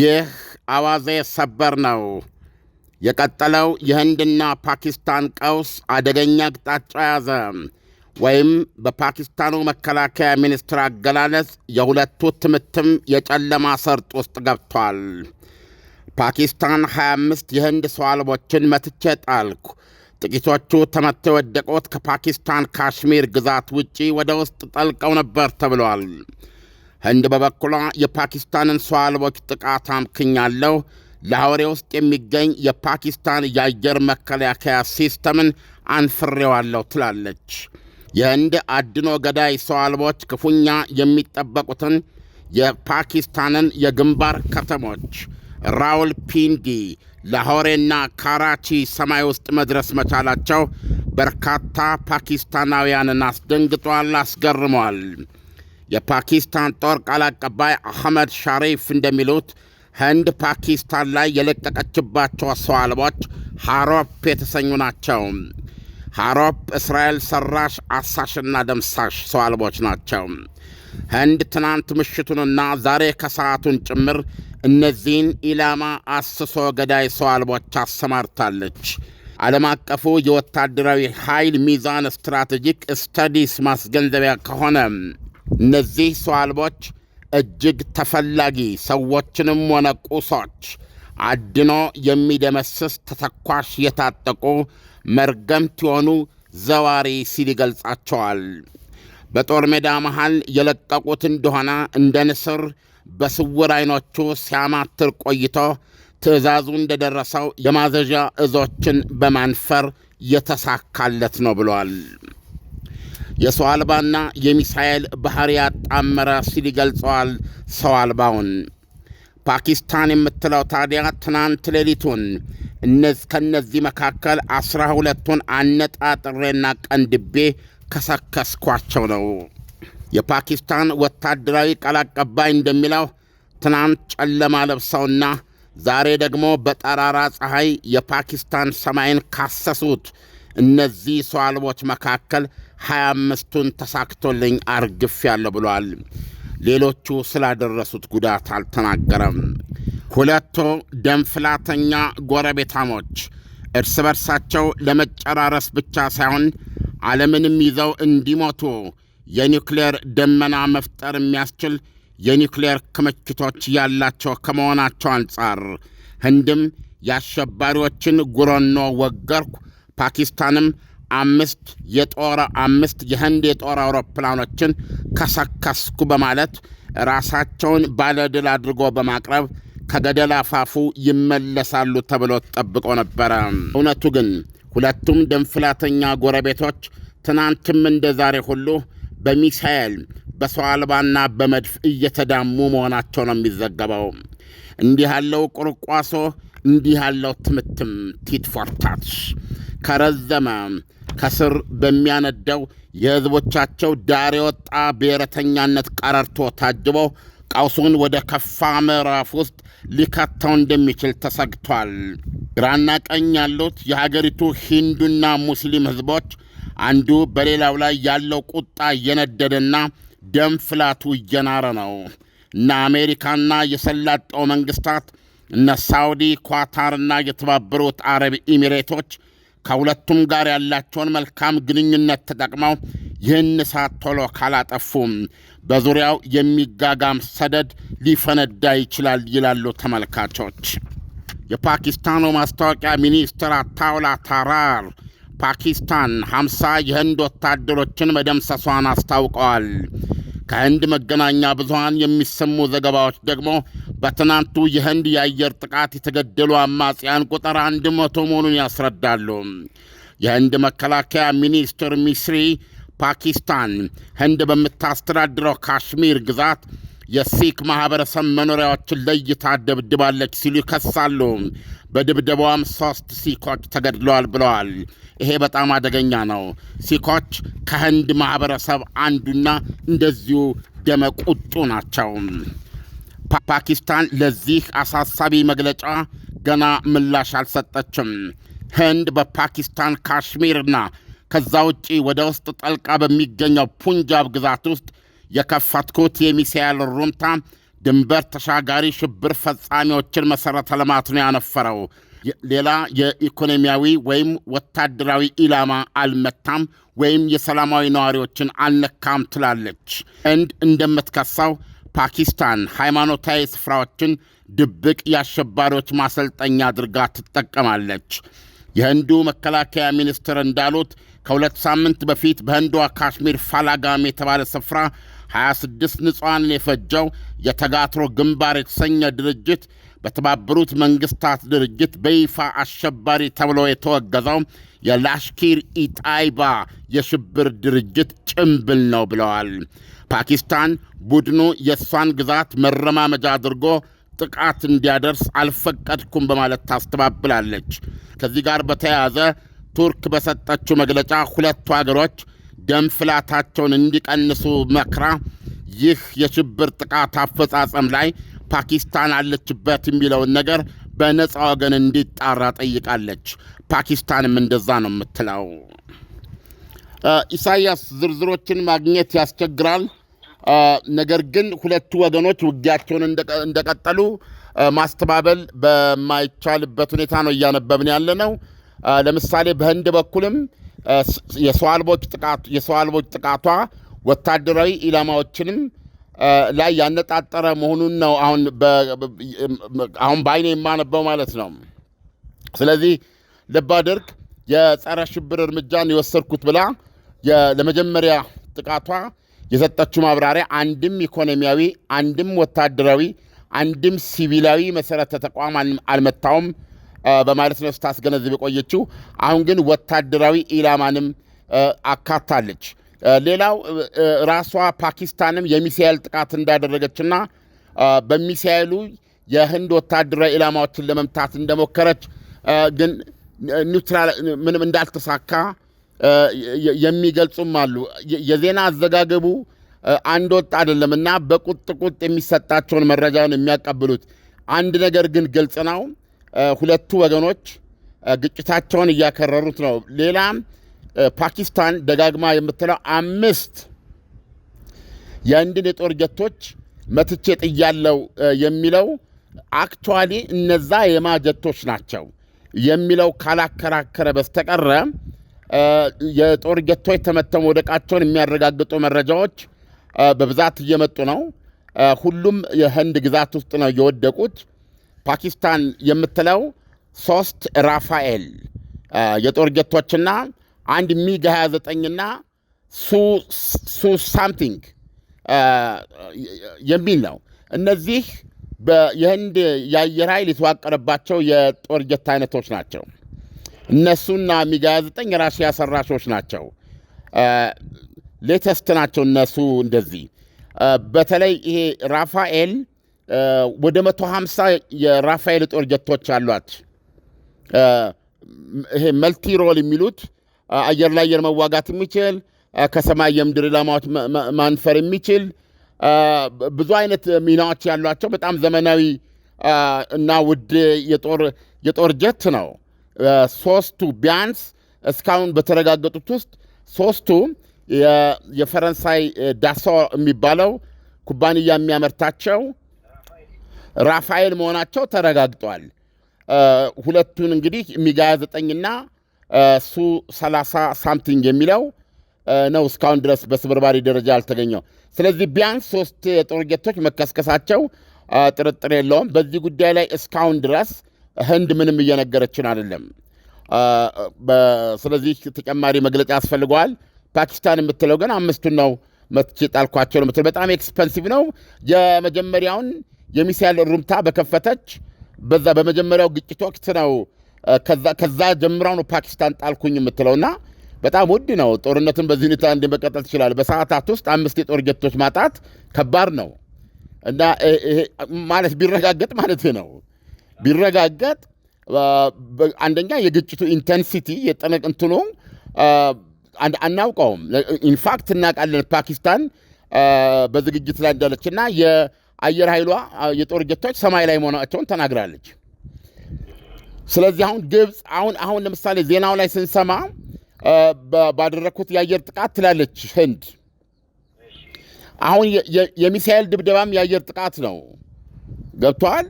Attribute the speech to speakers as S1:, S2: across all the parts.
S1: ይህ አዋዜ ሰበር ነው። የቀጠለው የህንድና ፓኪስታን ቀውስ አደገኛ አቅጣጫ ያዘ፣ ወይም በፓኪስታኑ መከላከያ ሚኒስትር አገላለጽ የሁለቱ ትምትም የጨለማ ሰርጥ ውስጥ ገብቷል። ፓኪስታን 25 የህንድ ሰው አልቦችን መትቼ ጣልኩ። ጥቂቶቹ ተመተው የወደቁት ከፓኪስታን ካሽሚር ግዛት ውጪ ወደ ውስጥ ጠልቀው ነበር ተብሏል። ህንድ በበኩሏ የፓኪስታንን ሰው አልቦች ጥቃት አምክኛለሁ፣ ላሆሬ ውስጥ የሚገኝ የፓኪስታን የአየር መከላከያ ሲስተምን አንፍሬዋለሁ ትላለች። የህንድ አድኖ ገዳይ ሰው አልቦች ክፉኛ የሚጠበቁትን የፓኪስታንን የግንባር ከተሞች ራውል ፒንዲ፣ ላሆሬና ካራቺ ሰማይ ውስጥ መድረስ መቻላቸው በርካታ ፓኪስታናውያንን አስደንግጧል፣ አስገርሟል። የፓኪስታን ጦር ቃል አቀባይ አህመድ ሻሪፍ እንደሚሉት ህንድ ፓኪስታን ላይ የለቀቀችባቸው ሰው አልቦች ሃሮፕ የተሰኙ ናቸው። ሃሮፕ እስራኤል ሰራሽ አሳሽና ደምሳሽ ሰው አልቦች ናቸው። ህንድ ትናንት ምሽቱንና ዛሬ ከሰዓቱን ጭምር እነዚህን ኢላማ አስሶ ገዳይ ሰው አልቦች አሰማርታለች። ዓለም አቀፉ የወታደራዊ ኃይል ሚዛን ስትራቴጂክ ስተዲስ ማስገንዘቢያ ከሆነ እነዚህ ሰው አልቦች እጅግ ተፈላጊ ሰዎችንም ሆነ ቁሶች አድኖ የሚደመስስ ተተኳሽ የታጠቁ መርገምት የሆኑ ዘዋሪ ሲል ይገልጻቸዋል። በጦር ሜዳ መሃል የለቀቁት እንደሆነ እንደ ንስር በስውር ዐይኖቹ ሲያማትር ቆይቶ ትዕዛዙ እንደ ደረሰው የማዘዣ እዞችን በማንፈር የተሳካለት ነው ብሏል። የሰው አልባና የሚሳኤል ባህር ያጣመረ ሲል ይገልጸዋል ሰው አልባውን። ፓኪስታን የምትለው ታዲያ ትናንት ሌሊቱን ከእነዚህ መካከል አስራ ሁለቱን አነጣጥሬና ቀንድቤ ከሰከስኳቸው ነው። የፓኪስታን ወታደራዊ ቃል አቀባይ እንደሚለው ትናንት ጨለማ ለብሰውና ዛሬ ደግሞ በጠራራ ፀሐይ የፓኪስታን ሰማይን ካሰሱት እነዚህ ሰው አልቦች መካከል ሀያ አምስቱን ተሳክቶልኝ አርግፌያለሁ ብሏል። ሌሎቹ ስላደረሱት ጉዳት አልተናገረም። ሁለቱ ደንፍላተኛ ጎረቤታሞች እርስ በርሳቸው ለመጨራረስ ብቻ ሳይሆን ዓለምንም ይዘው እንዲሞቱ የኒውክሌር ደመና መፍጠር የሚያስችል የኒውክሌር ክምችቶች ያላቸው ከመሆናቸው አንጻር ህንድም የአሸባሪዎችን ጉረኖ ወገርኩ ፓኪስታንም አምስት የጦር አምስት የህንድ የጦር አውሮፕላኖችን ከሰከስኩ በማለት ራሳቸውን ባለድል አድርጎ በማቅረብ ከገደል አፋፉ ይመለሳሉ ተብሎ ጠብቆ ነበረ። እውነቱ ግን ሁለቱም ድንፍላተኛ ጎረቤቶች ትናንትም እንደ ዛሬ ሁሉ በሚሳኤል በሰው አልባና በመድፍ እየተዳሙ መሆናቸው ነው የሚዘገበው። እንዲህ ያለው ቁርቋሶ፣ እንዲህ ያለው ትምትም ቲትፎርታች ከረዘመ ከስር በሚያነደው የህዝቦቻቸው ዳር የወጣ ብሔረተኛነት ቀረርቶ ታጅቦ ቀውሱን ወደ ከፋ ምዕራፍ ውስጥ ሊከተው እንደሚችል ተሰግቷል። ግራና ቀኝ ያሉት የሀገሪቱ ሂንዱና ሙስሊም ህዝቦች አንዱ በሌላው ላይ ያለው ቁጣ እየነደደና ደም ፍላቱ እየናረ ነው እነ አሜሪካና የሰላጠው መንግሥታት እነ ሳውዲ፣ ኳታርና የተባበሩት አረብ ኢሚሬቶች ከሁለቱም ጋር ያላቸውን መልካም ግንኙነት ተጠቅመው ይህን እሳት ቶሎ ካላጠፉም በዙሪያው የሚጋጋም ሰደድ ሊፈነዳ ይችላል ይላሉ ተመልካቾች። የፓኪስታኑ ማስታወቂያ ሚኒስትር አታውላ ታራር ፓኪስታን 50 የህንድ ወታደሮችን መደምሰሷን አስታውቀዋል። ከህንድ መገናኛ ብዙሃን የሚሰሙ ዘገባዎች ደግሞ በትናንቱ የህንድ የአየር ጥቃት የተገደሉ አማጽያን ቁጥር አንድ መቶ መሆኑን ያስረዳሉ። የህንድ መከላከያ ሚኒስትር ሚስሪ ፓኪስታን ህንድ በምታስተዳድረው ካሽሚር ግዛት የሲክ ማኅበረሰብ መኖሪያዎችን ለይታ ደብድባለች ሲሉ ይከሳሉ። በድብደባዋም ሦስት ሲኮች ተገድለዋል ብለዋል። ይሄ በጣም አደገኛ ነው። ሲኮች ከህንድ ማኅበረሰብ አንዱና እንደዚሁ ደመቁጡ ናቸው። ፓኪስታን ለዚህ አሳሳቢ መግለጫ ገና ምላሽ አልሰጠችም። ህንድ በፓኪስታን ካሽሚርና ከዛ ውጪ ወደ ውስጥ ጠልቃ በሚገኘው ፑንጃብ ግዛት ውስጥ የከፈትኩት የሚሳኤል ሩምታ ድንበር ተሻጋሪ ሽብር ፈጻሚዎችን መሠረተ ልማት ነው ያነፈረው። ሌላ የኢኮኖሚያዊ ወይም ወታደራዊ ኢላማ አልመታም ወይም የሰላማዊ ነዋሪዎችን አልነካም ትላለች። እንድ እንደምትከሳው ፓኪስታን ሃይማኖታዊ ስፍራዎችን ድብቅ የአሸባሪዎች ማሰልጠኛ አድርጋ ትጠቀማለች። የህንዱ መከላከያ ሚኒስትር እንዳሉት ከሁለት ሳምንት በፊት በህንዷ ካሽሚር ፋላጋም የተባለ ስፍራ 26 ንጹሐንን የፈጀው የተጋትሮ ግንባር የተሰኘ ድርጅት በተባበሩት መንግስታት ድርጅት በይፋ አሸባሪ ተብሎ የተወገዘው የላሽኪር ኢጣይባ የሽብር ድርጅት ጭምብል ነው ብለዋል። ፓኪስታን ቡድኑ የእሷን ግዛት መረማመጃ አድርጎ ጥቃት እንዲያደርስ አልፈቀድኩም በማለት ታስተባብላለች። ከዚህ ጋር በተያያዘ ቱርክ በሰጠችው መግለጫ ሁለቱ አገሮች ደም ፍላታቸውን እንዲቀንሱ መክራ ይህ የሽብር ጥቃት አፈጻጸም ላይ ፓኪስታን አለችበት የሚለውን ነገር በነፃ ወገን እንዲጣራ ጠይቃለች። ፓኪስታንም እንደዛ ነው የምትለው። ኢሳያስ ዝርዝሮችን ማግኘት ያስቸግራል። ነገር ግን ሁለቱ ወገኖች ውጊያቸውን እንደቀጠሉ ማስተባበል በማይቻልበት ሁኔታ ነው እያነበብን ያለ ነው። ለምሳሌ በህንድ በኩልም የሰው አልቦች ጥቃቷ ወታደራዊ ኢላማዎችንም ላይ ያነጣጠረ መሆኑን ነው አሁን በአይኔ የማነበው ማለት ነው። ስለዚህ ልብ አድርግ የጸረ ሽብር እርምጃን የወሰድኩት ብላ ለመጀመሪያ ጥቃቷ የሰጠችው ማብራሪያ አንድም ኢኮኖሚያዊ፣ አንድም ወታደራዊ፣ አንድም ሲቪላዊ መሰረተ ተቋም አልመታውም በማለት ነው ስታስገነዝብ የቆየችው። አሁን ግን ወታደራዊ ኢላማንም አካታለች። ሌላው ራሷ ፓኪስታንም የሚሳኤል ጥቃት እንዳደረገችና በሚሳኤሉ የህንድ ወታደራዊ ኢላማዎችን ለመምታት እንደሞከረች ግን ኒውትራል ምንም እንዳልተሳካ የሚገልጹም አሉ። የዜና አዘጋገቡ አንድ ወጥ አይደለም እና በቁጥ ቁጥ የሚሰጣቸውን መረጃውን የሚያቀብሉት አንድ ነገር ግን ግልጽ ነው። ሁለቱ ወገኖች ግጭታቸውን እያከረሩት ነው። ሌላ ፓኪስታን ደጋግማ የምትለው አምስት የህንድን የጦር ጀቶች መትቼ ጥያለው የሚለው አክቹዋሊ እነዛ የማ ጀቶች ናቸው የሚለው ካላከራከረ በስተቀረ የጦር ጀቶች ተመተው መውደቃቸውን የሚያረጋግጡ መረጃዎች በብዛት እየመጡ ነው። ሁሉም የህንድ ግዛት ውስጥ ነው የወደቁት። ፓኪስታን የምትለው ሶስት ራፋኤል የጦር ጀቶችና አንድ ሚግ 29ና ሱ ሳምቲንግ የሚል ነው። እነዚህ የህንድ የአየር ኃይል የተዋቀረባቸው የጦር ጀት አይነቶች ናቸው። እነሱና ሚግ 29 የራሽያ ሰራሾች ናቸው። ሌተስት ናቸው እነሱ እንደዚህ በተለይ ይሄ ራፋኤል ወደ 150 የራፋኤል ጦር ጀቶች አሏት። ይሄ መልቲ ሮል የሚሉት አየር ላይ መዋጋት የሚችል ከሰማይ የምድር ኢላማዎች ማንፈር የሚችል ብዙ አይነት ሚናዎች ያሏቸው በጣም ዘመናዊ እና ውድ የጦር ጀት ነው። ሶስቱ ቢያንስ እስካሁን በተረጋገጡት ውስጥ ሶስቱ የፈረንሳይ ዳሶ የሚባለው ኩባንያ የሚያመርታቸው ራፋኤል መሆናቸው ተረጋግጧል። ሁለቱን እንግዲህ ሚጋ 9ና ሱ 30 ሳምቲንግ የሚለው ነው እስካሁን ድረስ በስብርባሪ ደረጃ አልተገኘው። ስለዚህ ቢያንስ ሶስት የጦር ጀቶች መከስከሳቸው ጥርጥር የለውም። በዚህ ጉዳይ ላይ እስካሁን ድረስ ህንድ ምንም እየነገረችን አይደለም። ስለዚህ ተጨማሪ መግለጫ ያስፈልገዋል። ፓኪስታን የምትለው ግን አምስቱን ነው መትቼ ጣልኳቸው ነው። በጣም ኤክስፐንሲቭ ነው የመጀመሪያውን የሚሳኤል ሩምታ በከፈተች በዛ በመጀመሪያው ግጭት ወቅት ነው። ከዛ ጀምራው ነው ፓኪስታን ጣልኩኝ የምትለውና በጣም ውድ ነው። ጦርነትን በዚህ ሁኔታ እንዲ መቀጠል ትችላል። በሰዓታት ውስጥ አምስት የጦር ጀቶች ማጣት ከባድ ነው እና ማለት ቢረጋገጥ ማለት ነው ቢረጋገጥ አንደኛ የግጭቱ ኢንተንሲቲ የጠነቅ እንትኑ አናውቀውም። ኢንፋክት እናውቃለን ፓኪስታን በዝግጅት ላይ እንዳለች እና አየር ኃይሏ የጦር ጀቶች ሰማይ ላይ መሆናቸውን ተናግራለች። ስለዚህ አሁን ግብፅ አሁን አሁን ለምሳሌ ዜናው ላይ ስንሰማ ባደረግኩት የአየር ጥቃት ትላለች ህንድ። አሁን የሚሳኤል ድብደባም የአየር ጥቃት ነው። ገብተዋል።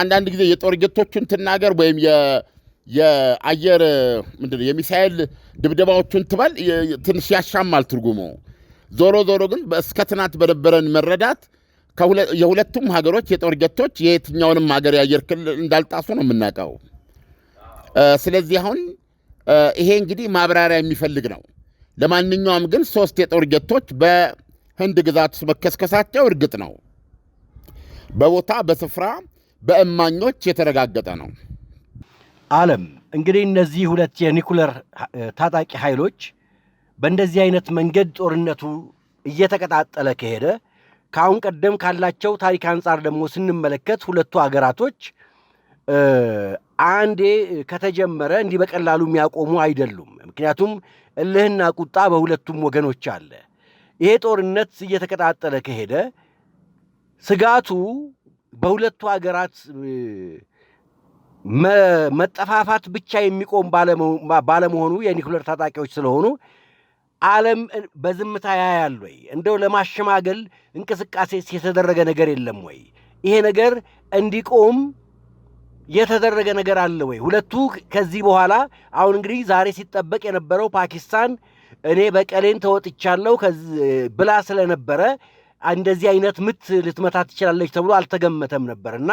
S1: አንዳንድ ጊዜ የጦር ጀቶቹን ትናገር ወይም የአየር ምንድን ነው የሚሳኤል ድብደባዎቹን ትበል ትንሽ ያሻማል ትርጉሙ። ዞሮ ዞሮ ግን እስከ ትናንት በነበረን መረዳት የሁለቱም ሀገሮች የጦር ጀቶች የየትኛውንም ሀገር የአየር ክልል እንዳልጣሱ ነው የምናውቀው። ስለዚህ አሁን ይሄ እንግዲህ ማብራሪያ የሚፈልግ ነው። ለማንኛውም ግን ሶስት የጦር ጀቶች በህንድ ግዛት ውስጥ መከስከሳቸው እርግጥ ነው። በቦታ በስፍራ በእማኞች የተረጋገጠ ነው።
S2: አለም እንግዲህ እነዚህ ሁለት የኒኩለር ታጣቂ ኃይሎች በእንደዚህ አይነት መንገድ ጦርነቱ እየተቀጣጠለ ከሄደ ከአሁን ቀደም ካላቸው ታሪክ አንጻር ደግሞ ስንመለከት ሁለቱ ሀገራቶች አንዴ ከተጀመረ እንዲህ በቀላሉ የሚያቆሙ አይደሉም። ምክንያቱም እልህና ቁጣ በሁለቱም ወገኖች አለ። ይሄ ጦርነት እየተቀጣጠለ ከሄደ ስጋቱ በሁለቱ ሀገራት መጠፋፋት ብቻ የሚቆም ባለመሆኑ የኒኩለር ታጣቂዎች ስለሆኑ ዓለም በዝምታ ያያል ወይ? እንደው ለማሸማገል እንቅስቃሴ የተደረገ ነገር የለም ወይ? ይሄ ነገር እንዲቆም የተደረገ ነገር አለ ወይ? ሁለቱ ከዚህ በኋላ አሁን እንግዲህ ዛሬ ሲጠበቅ የነበረው ፓኪስታን እኔ በቀሌን ተወጥቻለሁ ብላ ስለነበረ እንደዚህ አይነት ምት ልትመታ ትችላለች ተብሎ አልተገመተም ነበር እና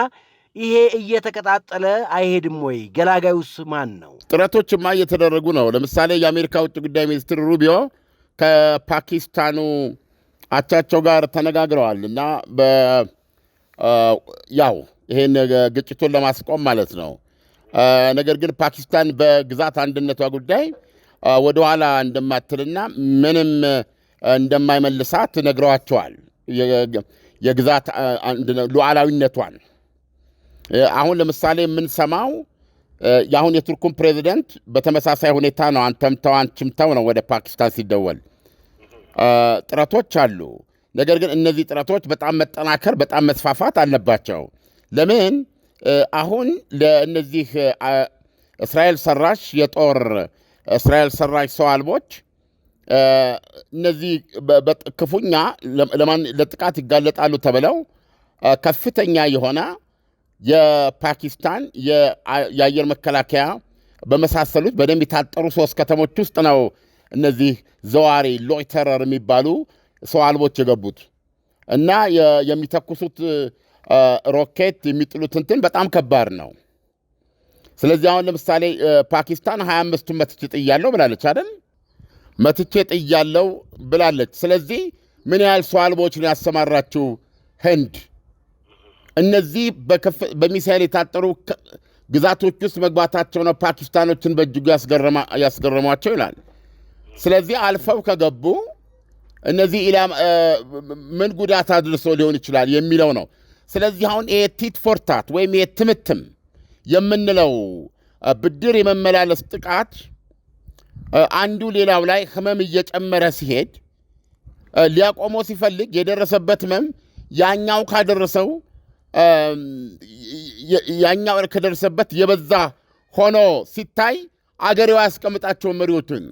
S2: ይሄ እየተቀጣጠለ አይሄድም ወይ? ገላጋዩስ ማን ነው?
S1: ጥረቶችማ እየተደረጉ ነው። ለምሳሌ የአሜሪካ ውጭ ጉዳይ ሚኒስትር ሩቢዮ ከፓኪስታኑ አቻቸው ጋር ተነጋግረዋል እና ያው ይሄን ግጭቱን ለማስቆም ማለት ነው። ነገር ግን ፓኪስታን በግዛት አንድነቷ ጉዳይ ወደኋላ እንደማትልና ምንም እንደማይመልሳት ነግረዋቸዋል። የግዛት ሉዓላዊነቷን አሁን ለምሳሌ የምንሰማው የአሁን የቱርኩን ፕሬዚደንት በተመሳሳይ ሁኔታ ነው። አንተም ተው አንቺም ተው ነው ወደ ፓኪስታን ሲደወል ጥረቶች አሉ። ነገር ግን እነዚህ ጥረቶች በጣም መጠናከር፣ በጣም መስፋፋት አለባቸው። ለምን አሁን ለእነዚህ እስራኤል ሰራሽ የጦር እስራኤል ሰራሽ ሰው አልቦች እነዚህ ክፉኛ ለጥቃት ይጋለጣሉ ተብለው ከፍተኛ የሆነ የፓኪስታን የአየር መከላከያ በመሳሰሉት በደንብ የታጠሩ ሶስት ከተሞች ውስጥ ነው እነዚህ ዘዋሪ ሎይተረር የሚባሉ ሰው አልቦች የገቡት እና የሚተኩሱት ሮኬት የሚጥሉት እንትን በጣም ከባድ ነው። ስለዚህ አሁን ለምሳሌ ፓኪስታን ሀያ አምስቱን መትቼ ጥያለው ብላለች አይደል? መትቼ ጥያለው ብላለች። ስለዚህ ምን ያህል ሰው አልቦች ነው ያሰማራችው ህንድ? እነዚህ በሚሳኤል የታጠሩ ግዛቶች ውስጥ መግባታቸው ነው ፓኪስታኖችን በእጅጉ ያስገረሟቸው ይላል። ስለዚህ አልፈው ከገቡ እነዚህ ምን ጉዳት አድርሶ ሊሆን ይችላል የሚለው ነው። ስለዚህ አሁን ይሄ ቲት ፎርታት ወይም ይሄ ትምትም የምንለው ብድር የመመላለስ ጥቃት አንዱ ሌላው ላይ ህመም እየጨመረ ሲሄድ ሊያቆመው ሲፈልግ የደረሰበት ህመም ያኛው ካደረሰው ያኛው ከደረሰበት የበዛ ሆኖ ሲታይ አገሬው ያስቀምጣቸው መሪዎችን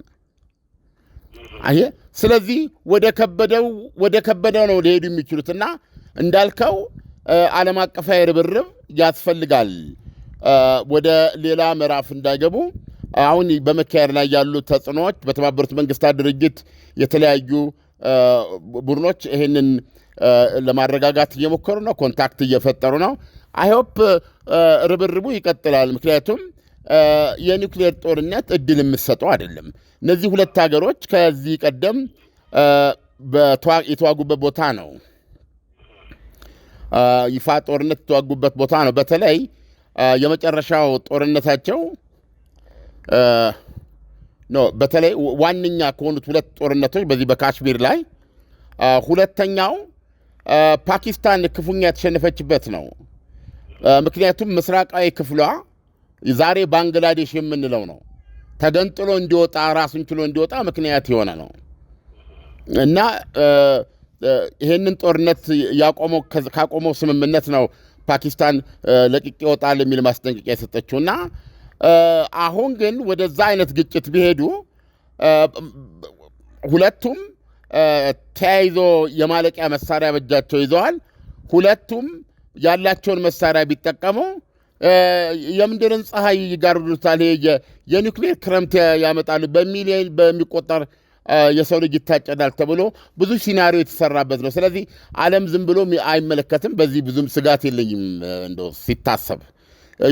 S1: አየ። ስለዚህ ወደ ከበደው ወደ ከበደው ነው ሊሄዱ የሚችሉትና እንዳልከው ዓለም አቀፋዊ ርብርብ ያስፈልጋል ወደ ሌላ ምዕራፍ እንዳይገቡ። አሁን በመካሄድ ላይ ያሉ ተጽዕኖዎች በተባበሩት መንግስታት ድርጅት የተለያዩ ቡድኖች ይህንን ለማረጋጋት እየሞከሩ ነው። ኮንታክት እየፈጠሩ ነው። አይሆፕ ርብርቡ ይቀጥላል። ምክንያቱም የኒውክሌር ጦርነት እድል የምትሰጠው አይደለም። እነዚህ ሁለት ሀገሮች ከዚህ ቀደም የተዋጉበት ቦታ ነው፣ ይፋ ጦርነት የተዋጉበት ቦታ ነው። በተለይ የመጨረሻው ጦርነታቸው በተለይ ዋነኛ ከሆኑት ሁለት ጦርነቶች በዚህ በካሽሚር ላይ ሁለተኛው ፓኪስታን ክፉኛ የተሸነፈችበት ነው። ምክንያቱም ምስራቃዊ ክፍሏ ዛሬ ባንግላዴሽ የምንለው ነው ተገንጥሎ እንዲወጣ ራሱን ችሎ እንዲወጣ ምክንያት የሆነ ነው እና ይህንን ጦርነት ካቆመው ስምምነት ነው ፓኪስታን ለቅቄ ይወጣል የሚል ማስጠንቀቂያ የሰጠችው እና አሁን ግን ወደዛ አይነት ግጭት ቢሄዱ ሁለቱም ተያይዞ የማለቂያ መሳሪያ በእጃቸው ይዘዋል። ሁለቱም ያላቸውን መሳሪያ ቢጠቀሙ የምድርን ፀሐይ ይጋርዱታል፣ የኒውክሌር ክረምት ያመጣሉ፣ በሚሊዮን በሚቆጠር የሰው ልጅ ይታጨዳል ተብሎ ብዙ ሲናሪዮ የተሰራበት ነው። ስለዚህ ዓለም ዝም ብሎ አይመለከትም። በዚህ ብዙም ስጋት የለኝም እንደው ሲታሰብ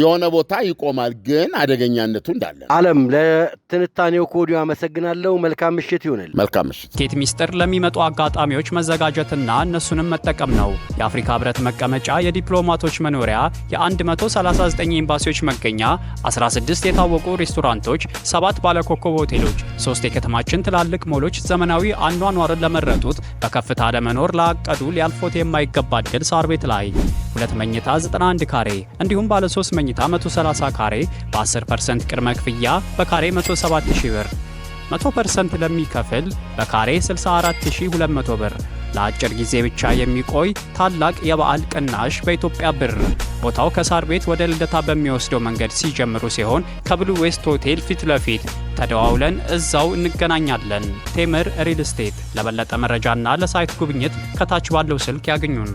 S1: የሆነ ቦታ ይቆማል፣ ግን አደገኛነቱ እንዳለ።
S2: አለም ለትንታኔው ኮዲ አመሰግናለሁ። መልካም ምሽት ይሆንል።
S1: መልካም ምሽት።
S3: ኬት ሚስጥር ለሚመጡ አጋጣሚዎች መዘጋጀትና እነሱንም መጠቀም ነው። የአፍሪካ ህብረት መቀመጫ፣ የዲፕሎማቶች መኖሪያ፣ የ139 ኤምባሲዎች መገኛ፣ 16 የታወቁ ሬስቶራንቶች፣ 7 ባለኮከብ ሆቴሎች፣ 3 የከተማችን ትላልቅ ሞሎች ዘመናዊ አኗኗርን ለመረጡት በከፍታ ለመኖር ላቀዱ ሊያልፎት የማይገባ እድል ሳር ቤት ላይ ሁለት መኝታ 91 ካሬ እንዲሁም ባለ 3 መኝታ 130 ካሬ በ10% ቅድመ ክፍያ በካሬ 170,000 ብር፣ 100% ለሚከፍል በካሬ 64,200 ብር። ለአጭር ጊዜ ብቻ የሚቆይ ታላቅ የበዓል ቅናሽ በኢትዮጵያ ብር። ቦታው ከሳር ቤት ወደ ልደታ በሚወስደው መንገድ ሲጀምሩ ሲሆን ከብሉ ዌስት ሆቴል ፊት ለፊት ተደዋውለን እዛው እንገናኛለን። ቴምር ሪል ስቴት። ለበለጠ መረጃና ለሳይት ጉብኝት ከታች ባለው ስልክ ያገኙን።